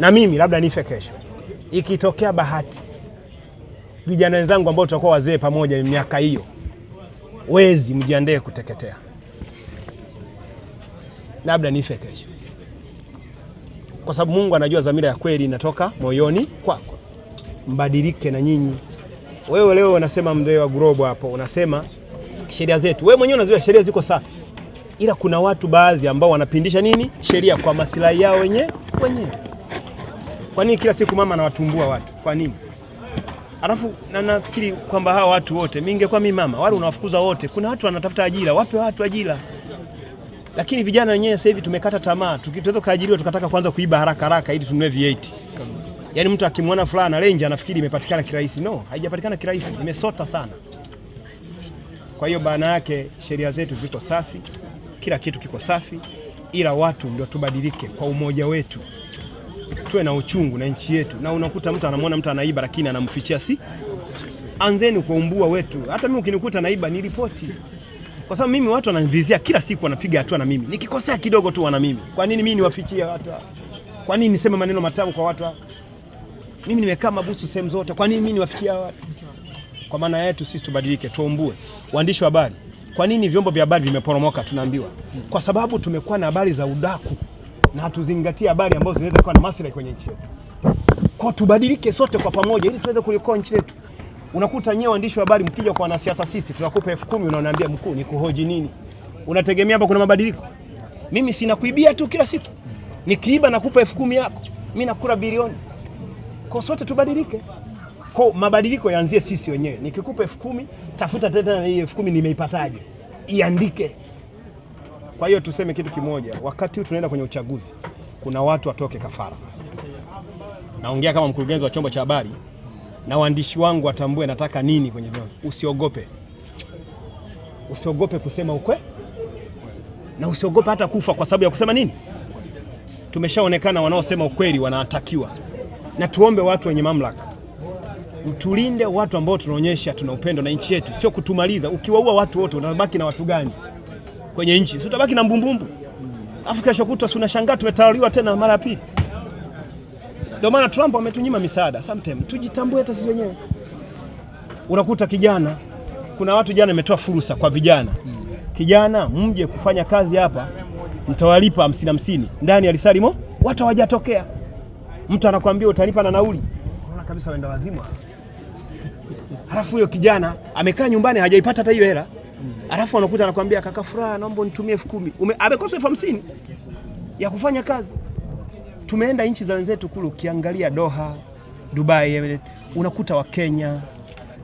na mimi labda nife kesho, ikitokea bahati vijana wenzangu ambao tutakuwa wazee pamoja miaka hiyo, wezi mjiandae kuteketea, labda nife kesho, kwa sababu Mungu anajua dhamira ya kweli inatoka moyoni kwako. Mbadilike na nyinyi. Wewe leo unasema mzee wa Gurobo hapo, unasema sheria zetu, wewe mwenyewe unazijua sheria ziko safi, ila kuna watu baadhi ambao wanapindisha nini sheria kwa maslahi yao wenyewe wenyewe. Kwa nini kila siku mama anawatumbua watu? Kwa nini? Alafu na nafikiri kwamba hawa watu wote, mimi ningekuwa mimi mama, wale unawafukuza wote. Kuna watu wanatafuta ajira, wape watu ajira. Lakini vijana wenyewe sasa hivi tumekata tamaa, tukitoweza kuajiriwa tukataka kwanza kuiba haraka haraka ili tununue V8. Yaani mtu akimwona fulana Ranger anafikiri imepatikana kirahisi. No, haijapatikana kirahisi, imesota sana. Kwa hiyo bana yake sheria zetu ziko safi, kila kitu kiko safi, ila watu ndio tubadilike kwa umoja wetu tuwe na uchungu na nchi yetu, na unakuta mtu anamwona mtu anaiba, lakini anamfichia si anzeni kwa umbua wetu. Hata mimi ukinikuta naiba ni ripoti, kwa sababu mimi watu wananivizia kila siku, wanapiga hatua na mimi nikikosea kidogo tu wana mimi. Kwa nini mimi niwafichie watu? Kwa nini niseme maneno matamu kwa watu? Mimi nimekaa mabusu sehemu zote, kwa nini mimi niwafichie watu? Kwa maana yetu sisi tubadilike, tuombue. Waandishi wa habari, kwa nini vyombo vya habari vimeporomoka? Tunaambiwa kwa sababu tumekuwa na habari za udaku na tuzingatie habari ambazo zinaweza kuwa na maslahi kwenye nchi yetu. Kwa tubadilike sote kwa pamoja ili tuweze kulikoa nchi yetu. Unakuta nyewe waandishi wa habari mkija kwa wanasiasa, sisi tunakupa elfu kumi unaoniambia mkuu, nikuhoji nini? Unategemea hapa kuna mabadiliko? Mimi sina kuibia tu kila siku, nikiiba nakupa elfu kumi yako, mimi nakula bilioni. Kwa sote tubadilike, kwa mabadiliko yaanzie sisi wenyewe. Nikikupa elfu kumi tafuta tena hii elfu kumi nimeipataje, iandike. Kwa hiyo tuseme kitu kimoja, wakati huu tunaenda kwenye uchaguzi, kuna watu watoke kafara. Naongea kama mkurugenzi wa chombo cha habari na waandishi wangu watambue nataka nini kwenye vyombo. Usiogope, usiogope kusema ukweli na usiogope hata kufa kwa sababu ya kusema nini. Tumeshaonekana wanaosema ukweli wanatakiwa, na tuombe watu wenye mamlaka mtulinde watu ambao tunaonyesha tuna upendo na nchi yetu, sio kutumaliza. Ukiwaua watu wote unabaki na watu gani? kwenye nchi, si utabaki na mbumbumbu, afu kesho kutwa si unashangaa tumetawaliwa tena mara ya pili. Ndio maana Trump ametunyima misaada. Sometimes tujitambue hata sisi wenyewe. Unakuta kijana, kuna watu jana imetoa fursa kwa vijana, kijana mje kufanya kazi hapa, mtawalipa hamsini hamsini ndani ya lisalimo, watu hawajatokea. Mtu anakuambia utalipa na nauli, unaona kabisa wenda wazima. Halafu huyo kijana amekaa nyumbani hajaipata hata hiyo hela. Mm. alafu anakuta anakuambia kaka Furaha, naomba nitumie elfu kumi. Amekosa elfu hamsini ya kufanya kazi. Tumeenda nchi za wenzetu kule, ukiangalia Doha, Dubai, unakuta Wakenya,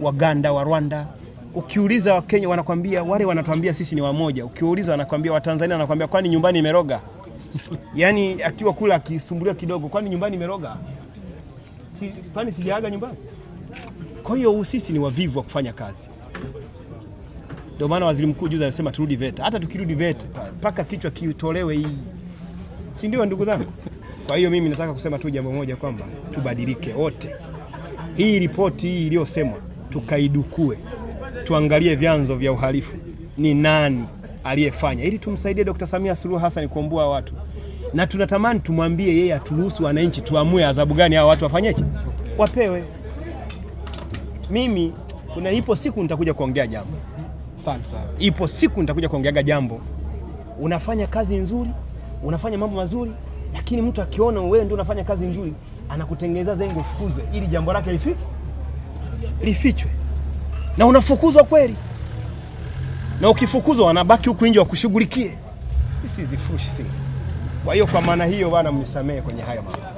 Waganda, wa Rwanda ukiuliza Wakenya wanakwambia wale wanatuambia sisi ni wamoja. Ukiuliza wanakwambia Watanzania wanakwambia kwani nyumbani imeroga? Yaani akiwa kula akisumbuliwa kidogo, kwani nyumbani imeroga? Si, kwani sijaaga nyumbani? Kwa hiyo sisi ni wavivu wa kufanya kazi. Ndio maana waziri mkuu juzi anasema turudi VETA. Hata tukirudi VETA mpaka kichwa kitolewe hii, si ndio ndugu zangu? Kwa hiyo mimi nataka kusema tu jambo moja kwamba tubadilike wote, hii ripoti hii iliyosemwa tukaidukue, tuangalie vyanzo vya uhalifu ni nani aliyefanya, ili tumsaidie Dr. Samia Suluhu Hassan kuombua watu, na tunatamani tumwambie yeye aturuhusu wananchi tuamue adhabu gani hao watu wafanyeje, wapewe. Mimi kuna ipo siku nitakuja kuongea jambo Asante sana. Ipo siku nitakuja kuongeaga jambo. Unafanya kazi nzuri, unafanya mambo mazuri, lakini mtu akiona wewe ndio unafanya kazi nzuri, anakutengeneza zengo ufukuzwe, ili jambo lake lifi lifichwe, na unafukuzwa kweli, na ukifukuzwa wanabaki huku nje wakushughulikie. Sisi zifushi sisi. Kwa hiyo kwa maana hiyo, bwana, mnisamehe kwenye haya mambo.